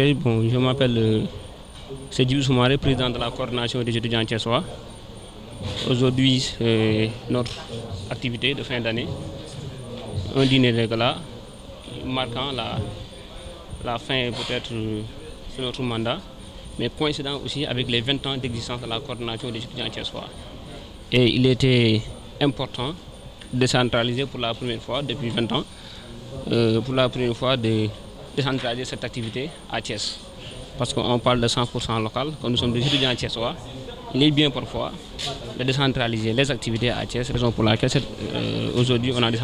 accueil. Bon, je m'appelle euh, Sedjou Soumaré, président de la coordination des étudiants Tchessois. Aujourd'hui, euh, notre activité de fin d'année, un dîner de gala marquant la, la fin peut-être euh, notre mandat, mais coïncident aussi avec les vingt ans d'existence de la coordination des étudiants Tchessois. Et il était important de centraliser pour la première fois depuis 20 ans, euh, pour la première fois de décentraliser cette activité à parce Parce on parle de 100% local, comme nous sommes des étudiants thiessois, il est bien parfois décentraliser les activités à Thiès, raison pour laquelle euh, aujourd'hui on a de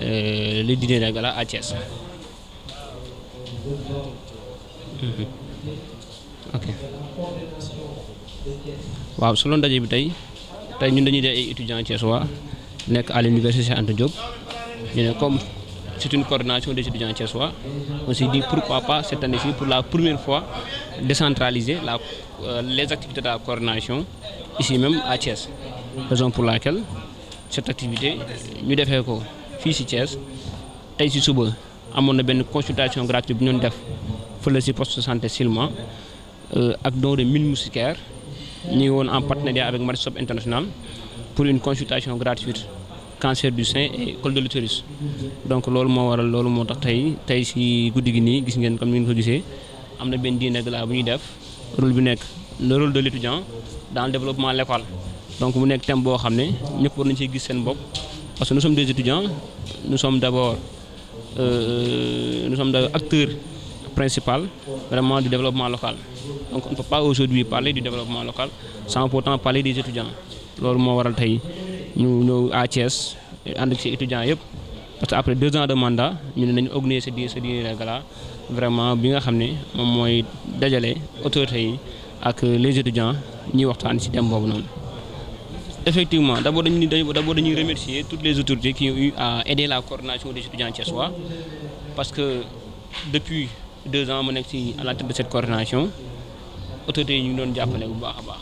euh, gala à Thiès. Mm -hmm. ok waaw su loon daje bi tey tey ñun dañuy dee ay nekk à l'université Anta Diop ñu ne comme c'est une coordination des étudiants thiessois. On s'est dit pourquoi pas cette année-ci, pour la première fois, décentraliser la, euh, les activités de la coordination ici même à Thiès. Raison pour laquelle cette activité, ñu defee ko fii ici Thiès, tey si suba amoon na benn consultation gratuite bu ñu def fële si poste de santé Silma euh, ak don de mille moustiquaires ñu ngi woon en partenariat avec Marisop International pour une consultation gratuite. cancer du sein et col de l'utérus donc loolu moo waral loolu moo tax tey tey si guddi gi nii gis ngeen comme ni nga ko gisee am na benn dîner gala bu ñuy def rôle bi nekk le rôle de l'étudiant dans le développement local donc mu nekk thème boo xam ne ñëpp war nañu ciy gis seen bopp parce que nous sommes des étudiants nous sommes d'abord euh, nous sommes d'abord acteurs principal vraiment du développement local donc pas aujourd'hui parler du développement local sans pourtant parler des étudiants ñu ñëw à Thiès ànd ak si étudiants yëpp parce que après deux ans de mandat ñu ne nañu organiser di sa dîner de gala vraiment bi nga xam ne moom mooy dajale autorités yi ak les étudiants ñuy waxtaan si thème boobu noonu. effectivement d' abord dañuy d' abord dañuy remercier toutes les autorités qui ont eu à aider la coordination des étudiants thiessois parce que depuis deux ans mu nekk si à la tête de cette coordination autorités yi ñu doon jàppale bu baax a baax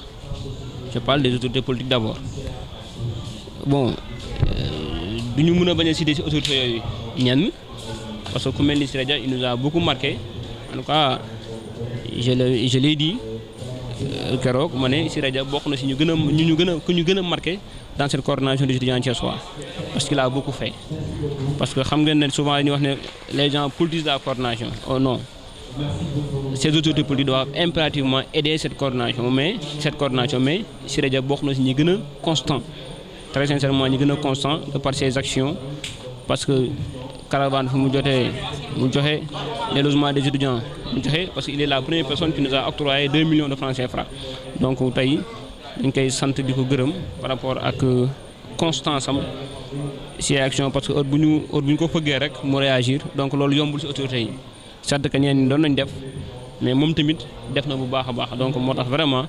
je parle des autorités bon euh, du ñu mun a bañ a citer si autorités yooyu ñenn parce que ku mel ni Siré Dia il nous a beaucoup marqué en tout cas je le je l'ai dit euh, keroog ma ne Siré Dia bokk na si ñu gën a ñu ñu gën ku ñu gën a marqué dans cette coordination des étudiants thiessois parce qu'il a beaucoup fait parce que xam ngeen ne souvent dañuy wax ne les gens politisent la coordination o oh non ces autorités politiques doivent impérativement aider cette coordination mais cette coordination mais Siré Dia bokk très sincèrement ñu gën a constant de par parce que caravane fu mu jotee mu joxe les de des étudiants mu joxe parce que il est la première personne qui nous a octroyé 2 millions de francs CFA donc tey dañ koy sant di ko gërëm par rapport ak euh, constance am si action parce que heure bu ñu heure bu ñu ko fëggee rek mu réagir donc loolu yombul si autorités yi certes que ñeen ñi doon nañ def mais moom tamit def na bu baax a baax donc moo tax vraiment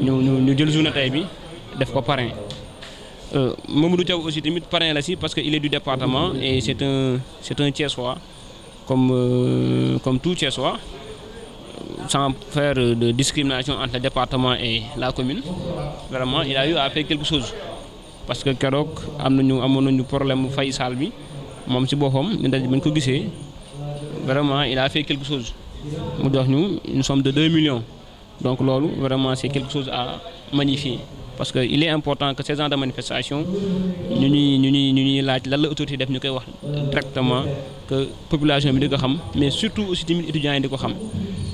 ñu ñu jël journée tey bi def ko parrain Euh, Mamadou Thiaw aussi tamit parrain la si parce que il est du département et c'est un c'est un Thiessois comme euh, comme tout Thiessois sans faire de discrimination entre le département et la commune vraiment il a eu quelque chose parce que keroog am nañu amoon ñu problème fay saal bi moom ci boppam ñu daj bañ ko gisee vraiment il a fait quelque chose mu jox ñu une somme de 2 millions donc loolu vraiment c'est quelque chose à magnifier parce que il est important que ces gens de manifestation ñu ñuy ñu ñuy ñu ñuy laaj lan la autorité def ñu koy wax directement que population bi di ko xam mais surtout aussi tamit étudiants yi di ko xam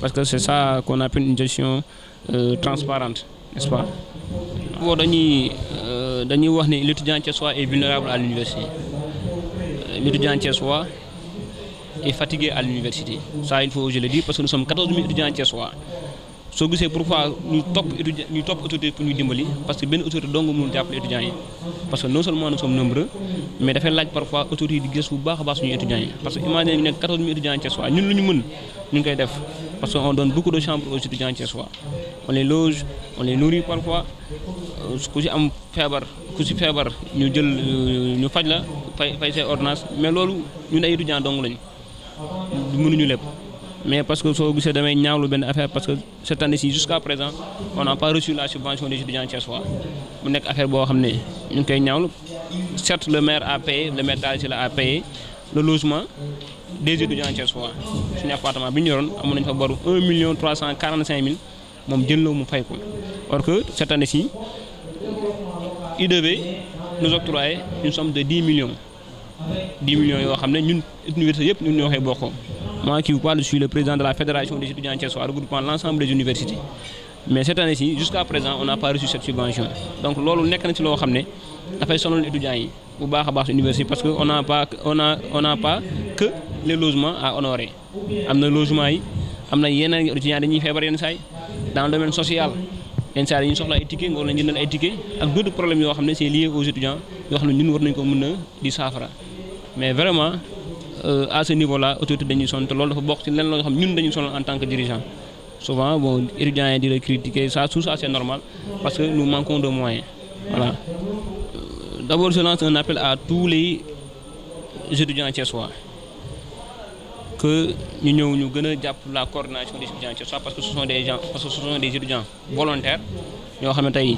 parce que c'est ça qu'on appelle une gestion euh, transparente n'est-ce pas boo dañuy euh, dañuy wax ne l'étudiant thiessois est vulnérable à l'université euh, l'étudiant thiessois est fatigué à l'université ça il faut que je le parce que nous sommes 14 000 étudiants thiessois soo gisee pourquoi ñu topp étudiant ñu topp autorité pour ñu dimbali parce que benn autorité dong mënul jàppale étudiants yi parce que non seulement nous sommes nombreux mais dafay laaj parfois autorité di gëstu bu baax baax suñu étudiants yi parce que imagine ñu nekk 14 000 étudiants yi Thiès ñun lu ñu mën ñu koy def parce que on donne beaucoup de chambres aux étudiants Thiès on les loge on les parfois euh, ku ci am feebar ku ci feebar ñu jël euh, ñu faj la fay fay say mais loolu ñun ay étudiants dong lañ mënuñu lépp mais parce que soo gisee damay ñaawlu benn affaire parce que cette année-ci jusqu'à présent on n'a pas reçu la subvention des étudiants thiessois mu nekk affaire boo xam ne ñu ngi koy ñaawlu certes le maire a payé le maire daal ci la a payé le logement des étudiants thiessois suñu appartement bi ñu yoroon amoon nañu fa boru 1 million 345 mille moom jël na mu fay ko or que cette année-ci il devait nous octroyer une somme de 10 million 10 yoo xam ne ñun université yëpp ñun ñoo koy bokkoo Moi qui vous parle, je suis le président de la Fédération des étudiants tchessois regroupant l'ensemble des universités. Mais cette année-ci, jusqu'à présent, on n'a pas reçu cette subvention. Donc, lolu nek na ci lo xamné da fay sonal étudiants yi bu baaxa baax université parce que on n'a pas on n'a pas que les logements à honorer. Amna logement yi, amna yeneen étudiants dañuy fébar yenn say dans le domaine social. yenn saa yi ñu soxla ay ticket nga war nañ xam ne c'est lié aux nañ ko mën a di saafara mais vraiment Euh, à ce niveau là autorité dañuy sonn te loolu dafa bokk ci lenn loo xam ñun dañu sonal en tant que dirigeant souvent bon étudiants yi di critiquer ça tout ça c'est normal parce que nous manquons de moyens voilà euh, d'abord je lance un appel à tous les étudiants thiessois que ñu ñëw ñu gën a jàpp la coordination des étudiants thiessois parce que ce sont des gens parce que ce sont des étudiants volontaires ñoo xam ne tey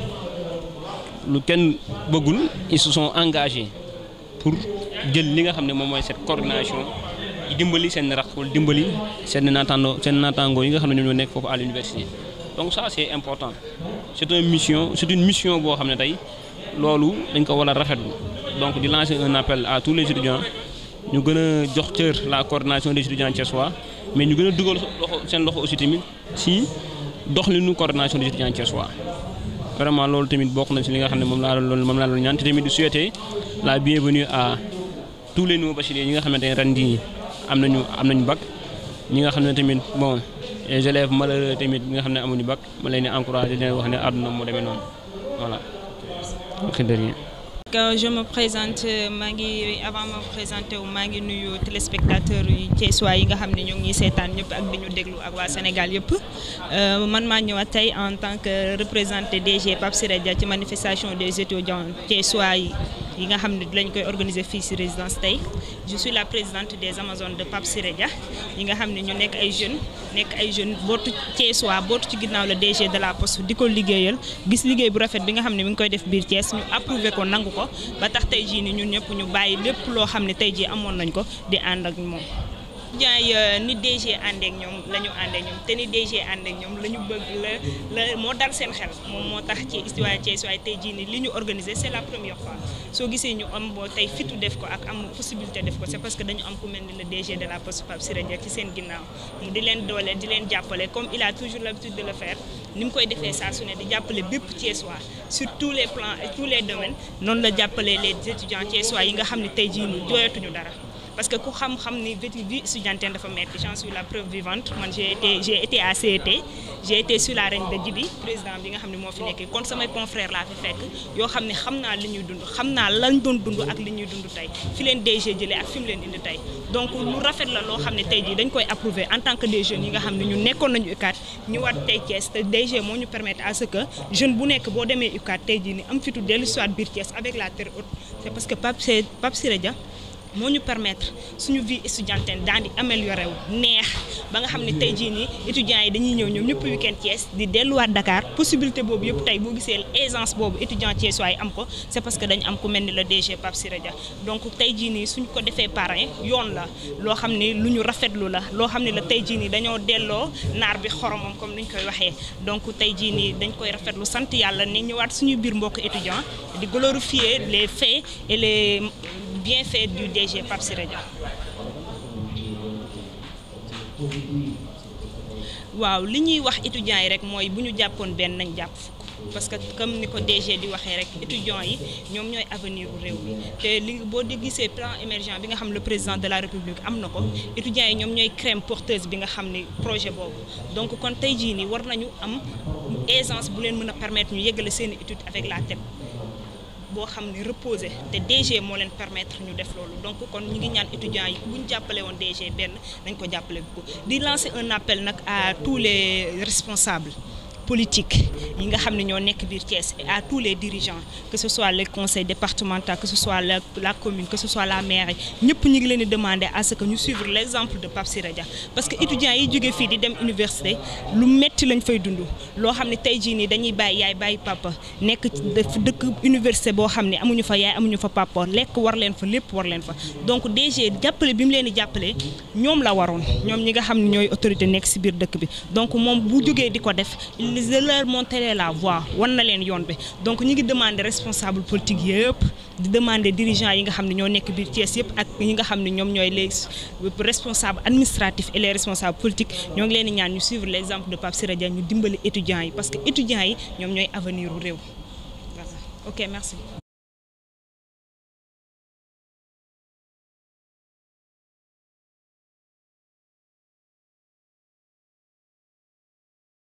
lu kenn bëggul ils se sont pour jël li nga xam ne moom mooy cette coordination dimbali seen rax wala dimbali seen naataango seen naataango yi nga xam ne ñoo nekk foofu à l'université donc ça c'est important c'est une mission mission boo xam ne tey loolu dañ ko war a rafetlu donc di lance un appel à tous les étudiants ñu gën a jox cër la coordination des étudiants thiessois mais ñu gën a dugal loxo seen loxo aussi tamit si doxalinu coordination des étudiants thiessois vraiment loolu tamit bokk na si li nga xam ne moom laa doon moom tous les nouveaux-bacheliers ñi nga xamante ne ren am nañu am nañu bac ñi nga xam ne tamit bon les élèves malheureux tamit ñi nga xam ne amuñu bac ma leen di leen wax ne àdduna moo demee noonu voilà. Quand je me maa ngi avant ma wu maa ngi nuyu téléspectateurs yi Thiessois yi nga xam ne ñoo ngi seetaan ñëpp ak di ñu déglu ak waa Sénégal yëpp euh, man maa ñëwaat tey en tant que représenté DG Pape Siré ci manifestation des étudiants Thiessois yi. yi nga xam ne lañ koy organiser fii si résidence tey je la présidente des amazones de Pape Siré Dia yi nga xam ne ñu nekk ay jeunes nekk ay jeunes bootu Thiès waa bootu ci ginnaaw la DG de la poste di ko liggéeyal gis liggéey bu rafet bi nga xam ne mu ngi koy def biir Thiès ñu approuvé ko nangu ko ba tax tey jii ni ñun ñëpp ñu bàyyi lépp loo xam ne tey jii amoon nañ ko di ànd ak moom étudiants euh, yi ni DG ànd ñoom la ñu ànd ñoom te ni DG ànd ñoom la ñu bëgg la la moo dal seen xel moom moo tax ci histoire Thiès waaye tey jii ni li ñu organisé c'est la première fois soo gisee ñu am boo tey fitu def ko ak am possibilité def ko se parce que dañu am ku mel ni le DG de la Poste Pape Siré ci seen ginnaaw mu di leen doole di leen jàppale comme il a toujours l'habitude de le faire ni mu koy defee saa su ne di jàppale bépp Thiessois sur les plans et les domaines noonu la jàppale les étudiants Thiessois yi nga xam ne tey jii nii dara parce que ku xam-xam ni vétu bi étudiantine dafa metti j'en suis la preuve vivante man j'ai été j'ai été à CET j'ai la reine de Djibi président bi nga xam ne moo fi nekk kon samay confrères laa fi fekk yoo xam ne xam naa li ñuy dund xam naa lañ doon dund ak li ñuy dund tey fi leen DG jëlee ak fi mu leen indi tey donc lu rafet la loo xam ne tey jii dañ koy approuver en tant que des jeunes yi nga xam ne ñu nekkoon nañu UCAD ñu war tey Thiès te DG moo ñu permettre à ce que jeune bu boo demee UCAD tey jii ni am fitu dellu soit biir Thiès avec que Pape Siré moo ñu permettre suñu vie étudiantine daan di améliorer neex ba nga xam ne tey jii nii étudiants yi dañuy ñëw ñoom ñëpp yu weekend Thiès di delluwaat Dakar possibilité boobu yëpp tey boo gisee aisance boobu étudiant Thiès waay am ko c'est parce que dañ am ku mel ni le DG Pape Siré Dia donc tey jii nii suñ ko defee parrain yoon la loo xam ni lu ñu rafetlu la loo xam ne la tey jii nii dañoo delloo naar bi xoromam comme ni ñu koy waxee donc tey jii nii dañ koy rafetlu sant yàlla ne ñëwaat suñu biir mbokk étudiant bien fait du DG Pape Siré Dia waaw li ñuy wax étudiants yi rek mooy bu ñu jàppoon benn nañ jàpp fukk parce que comme ni ko DG di waxee rek étudiants yi ñoom ñooy avenir bu réew bi te li boo di gisee plan émergent bi nga xam le président de la république am na ko étudiants yi ñoom ñooy crème porteuse bi nga xam ni projet boobu donc kon tey jii nii war nañu am aisance bu leen mën a permettre ñu yëgale seen étude avec la TEP boo xam ne reposer te DG moo leen permettre ñu def loolu donc kon ñu ngi ñaan étudiants yi bu ñu jàppale woon DG benn dañ ko jàppale bu ko di lancer un appel nag à tous les responsables politique yi nga xam ne ñoo nekk biir Thiès à tous les dirigeants que ce soit le conseil départemental que ce la commune que ce la mairie ñëpp ñu ngi leen demander à ce que ñu suivre l' exemple de Pape Siré parce que étudiants yi jógee fii di dem université lu metti lañ fay dund loo xam ne tey jii nii dañuy bàyyi yaay bàyyi papa nekk dëkk université boo xam ne amuñu fa yaay amuñu fa papa lekk war leen fa lépp war leen fa donc DG jàppale bi mu leen di jàppale ñoom la waroon ñoom ñi nga xam ñooy autorité nekk si biir dëkk bi bi de leur montrer la voie wan na leen yoon bi donc ñu ngi demander responsable politique yëpp di demander dirigeant yi nga xam ne ñoo nekk biir Thiès yëpp ak ñi nga xam ne ñoom ñooy les responsables administratifs et les responsables politiques ñoo ngi leen di ñaan ñu suivre l'exemple de Pape Sira Dia ñu dimbali étudiants yi parce que étudiants yi ñoom ñooy avenir u réew voilà merci